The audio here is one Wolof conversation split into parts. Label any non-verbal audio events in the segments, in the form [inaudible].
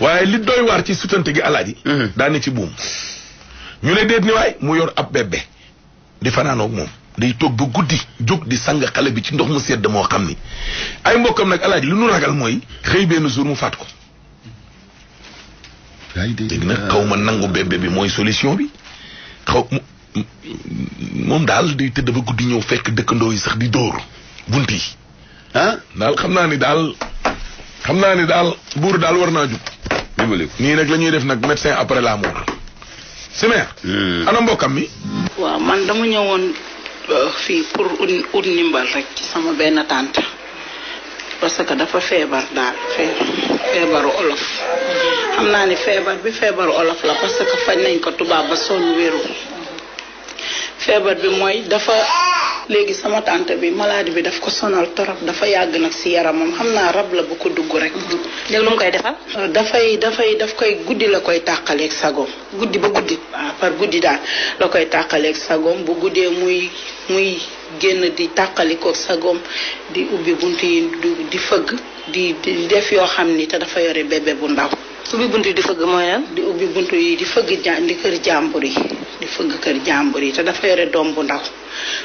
waaye li doy waar ci sutante gi alaaji mm-hmm. daane ci buum ñu ne déet ni waay mu yor ab bebe di fanaanoog moom day toog ba guddi jóg di sang xale bi ci ndox mu sedd moo xam ni ay mbokkam nag alaaj li nu ragal mooy xëy benn jour mu faat ko léegi nag xaw ma nangu bébé bi mooy solution bi xaw moom daal day tëdd ba guddi ñëw fekk dëkkandoo yi sax di dóor bunt yi daal xam naa ni daal xam naa ni daal buur daal war naa jug. nii nag la ñuy def nag médecin après la mort. si mère. Hmm. ana mbokkam mi. waaw man dama ñëwoon euh, fii pour ut ndimbal rek ci sama benn tante parce que dafa feebar daal feebaru olof. xam naa ni feebar bi feebaru olof la parce que fañ nañ ko tubaab ba sonn wéru feebar bi mooy dafa. léegi sama tant bi maladie bi daf ko sonal torop dafa yàgg nag si yaram moom xam naa rab la bu ko dugg rek. Mm-hmm. léegi lu mu koy defal. Euh, dafay dafay daf koy guddi la koy tàqaleeg sagoom guddi ba guddi. Ah, par guddi daal la koy tàqaleeg sagoom bu guddee muy muy génn di tàqalikoog sagoom di ubbi bunt yi di fëgg di di def yoo xam ni te dafa yore bébé bu ndaw. ubbi bunt yi di fëgg mooy lan. di ubbi bunt yi di fëgg ja di kër jàmbur yi di fëgg kër jàmbur yi te dafa yore doom bu ndaw.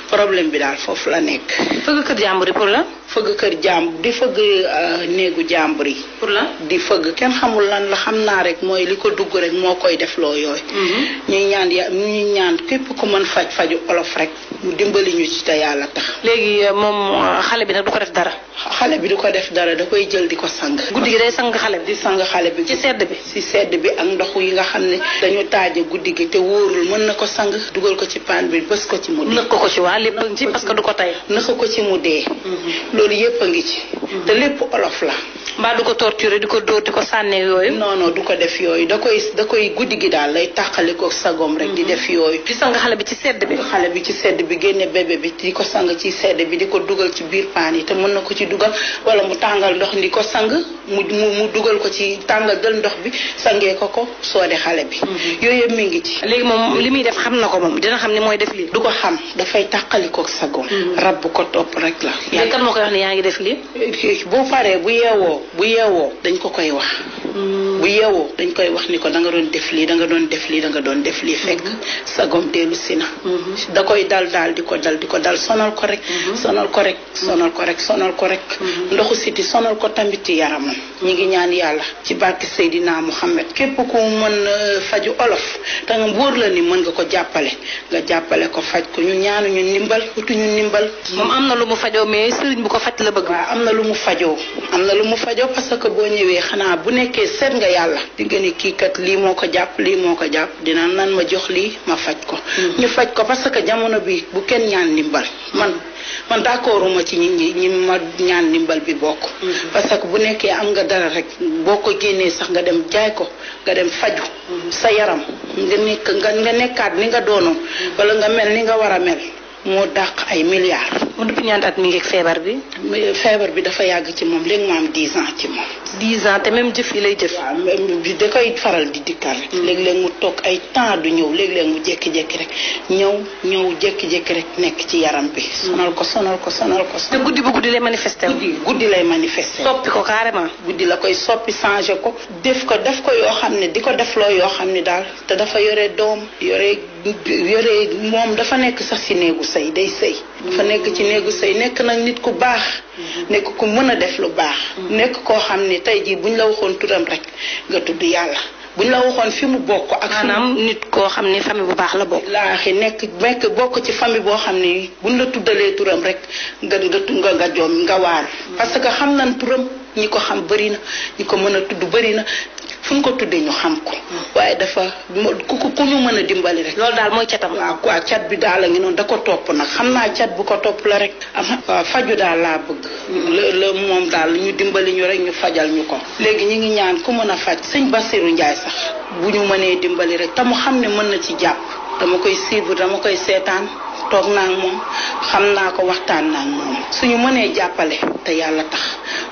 problème bi daal foofu la nekk. fëgg kër jàmbur yi pour la. fëgg kër jàmbur di fëgg euh, néegu jàmbur yi. pour la di fëgg kenn xamul lan la xam naa rek mooy li ko dugg rek moo koy def loo yooyu. Mm-hmm. ñaan ya ñuy ñaan képp ku mën faj faju olof rek mu dimbali ñu ci te yàlla tax. léegi euh, moom euh, xale bi nag du ko def dara. xale bi du ko def dara da koy jël di ko sang. guddi gi day sang xale bi. di sang xale bi ci sedd bi. ci sedd bi ak ndox yi nga xam ne dañu taaja guddi gi te wóorul mën na ko sang dugal ko ci paan bi bës ko ci ko ci waa lépp parce que du ko tey naxa ko ci mu dee mm-hmm. loolu yépp a ngi ci te lépp olof la. mbaa du ko torturer di ko dóor ko sànnee yooyu. non du ko def yooyu da koy da koy guddi gi daal lay tàqali ko sagom rek. di mhm. def yooyu. di sang xale bi ci sedd bi. xale bi ci sedd bi génne bébé bi di ko sang ci sedd bi di ko dugal ci biir paan yi te mën na ko ci dugal wala mu tàngal ndox di ko sang mu mu dugal ko ci tàngal dal ndox bi sangee ko ko soode xale bi. Mhm. yooyu yëpp mi ngi ci. léegi moom li muy def xam na ko moom dina xam ne mooy def lii. du ko xam dafay tàqali ko sagom. Mhm. rab ko topp rek la. bu paree bu yeewoo bu yeewoo dañu ko koy wax bu yeewoo dañ koy wax ni ko da nga doon def lii da nga doon def lii da nga doon def lii fekk mhm. sagom teelu si na mhm. da koy dal daal di ko dal di ko dal sonal ko rek mhm. sonal ko rek sonal ko rek sonal ko rek ndoxu siti sonal ko tamit ci yaramam ñi ngi ñaan yàlla ci barke Seydina Muhammad képp ku mën euh, faju olof te nga wóor la ni mën nga ko jàppale nga jàppale ko faj ko ñu ñaanu ñu ndimbal utuñu ndimbal moom am na lu mu fajoo mais sëriñ bu ko faj la bëgg waaw am na lu mu fajoo am na lu mu fajoo parce que boo fekkee seet nga yàlla di nga kii kat lii moo ko jàpp lii moo ko jàpp dina nan ma jox lii ma faj ko hmm. ñu faj ko parce que jamono bi bu kenn ñaan ndimbal man man d'accorduma ci ñi ñi ñi ma ñaan ndimbal bi bokk hmm. parce que bu nekkee am nga dara rek boo ko génnee sax nga dem jaay ko nga dem faju hmm. sa yaram nga nekk nga nekkaat ni nga doonoon wala nga mel ni nga war a mel moo dàq ay milliards. mu depuis ñaata at mi ngi feebar bi. feebar bi dafa yàgg ci moom léegi mu am 10 ans ci moom. dix ans te même jëf yi lay jëf. waaw da koy faral di dikkaat rek. Hmm. léeg-léeg mu toog ay temps du ñëw léeg-léeg mu jékki-jékki rek ñëw ñëw jékki-jékki rek nekk ci yaram bi. Hmm. sonal ko sonal ko sonal ko. te guddi bu guddi lay guddi guddi lay manifester. soppi ko carrément. guddi la koy soppi changé ko. def ko def ko yoo xam ne di ko def loo yoo xam ne daal te dafa yore doom yore yore moom dafa nekk sax si néegu sëy day sëy. dafa nekk ci néegu sëy nekk nag nit ku baax. Hmm. nekk ku mën a def lu baax. nekk koo xam tey jii bu ñu la waxoon turam rek nga tudd yàlla ñu la waxoon fi mu bokk. ak maanaam nit koo xam ni famille bu baax la bokk. laaxi nekk nekk ko ci famille boo xam ne buñ la tuddalee turam rek nga nga nga joom nga waar. Mm. parce que xam nan turam ñi ko xam bëri na ñi ko mën a tudd bëri na fu mu ko tuddee ñu xam ko. waaye dafa ku ku ñu mën a dimbali rek. loolu daal mooy catam. waaw waaw cat bi daal a ngi noonu da ko topp nag xam naa cat bu ko topp la rek. am faju daal laa bëgg. la la moom daal ñu dimbali ñu rek ñu fajal ñu ko. léegi ñu ngi ñaan ku mën a faj sëñ Bassirou Ndiaye sax bu ñu mënee dimbali rek te mu xam ne mën na ci jàpp dama koy suivre dama koy seetaan. toog naa moom xam naa ko waxtaan naa ak moom suñu mënee jàppale te yàlla tax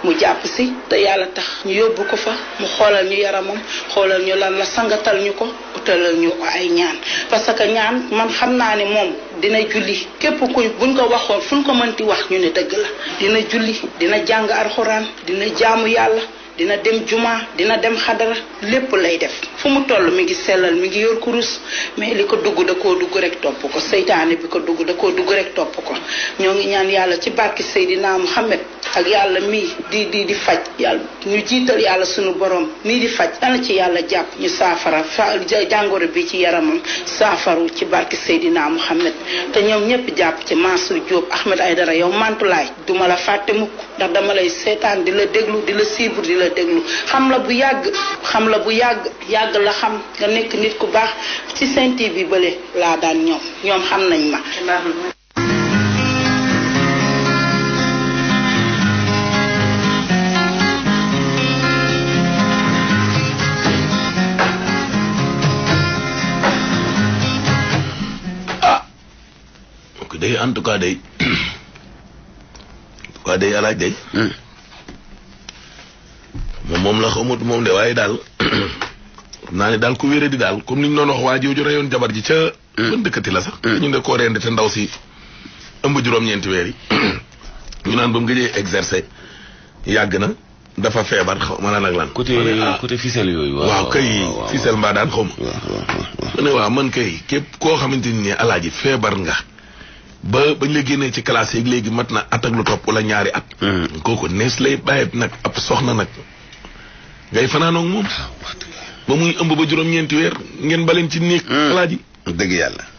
mu jàpp si te yàlla tax ñu yóbbu ko fa mu xoolal ñu yaramam xoolal ñu lan la sangatal ñu ko utalal ñu ko ay ñaan parce que ñaan man xam naa ne moom dina julli képp kuy buñ ko waxoon fuñ ko mënti wax ñu ni dëgg la dina julli dina jàng alxuraan dina jaamu yàlla dina dem juma dina dem xadara lépp lay def fu mu toll mi ngi sellal mi ngi yor kurus mais li ko dugg da koo dugg rek topp ko seytaane bi ko dugg da koo dugg rek topp ko ñoo ngi ñaan yàlla ci barki Seydina Muhammad ak yàlla mii di di di faj yàlla ñu jiital yàlla sunu borom mii di faj dana ci yàlla jàpp ñu saafara jàngoro bi ci yaramam saafaru ci barki Seydina Muhammad te ñoom ñëpp jàpp ci Mansour Diop Ahmed Aïdara yow mantulaay duma la fàtte mukk ndax dama lay seetaan di déglu di siibur di Ham labou yag, yag la ham genek nit kouba, pti senti bibele la dan nyom, nyom ham na ima. A, mkidey an tuka dey, tuka dey alay dey. Hmm. mom la xamut mom de waye dal [coughs] nani dal ku wéré di dal, comme niñ nono wax waji ju rayon jabar ji ca bën mm. dëkkati la sax mm. ñu ne ko rendi té ndaw si ëmb juroom ñent weer yi [coughs] ñu naan ba mu exercer yag na dafa feebar xaw nak lan côté ah. côté ficelle wa wa kay ficelle mbaa daan xom wa wa man kay képp ko xamanteni ni alaaji feebar nga ba bañ la génné ci classe yeeg légui matna at ak lu top wala ñaari at mm. koku lay soxna nak ngay fanaanoog moom. ba muy ëmb ba juróom-ñeenti weer ngeen baleen ci néeg. Hmm. alaaji dëgg yàlla.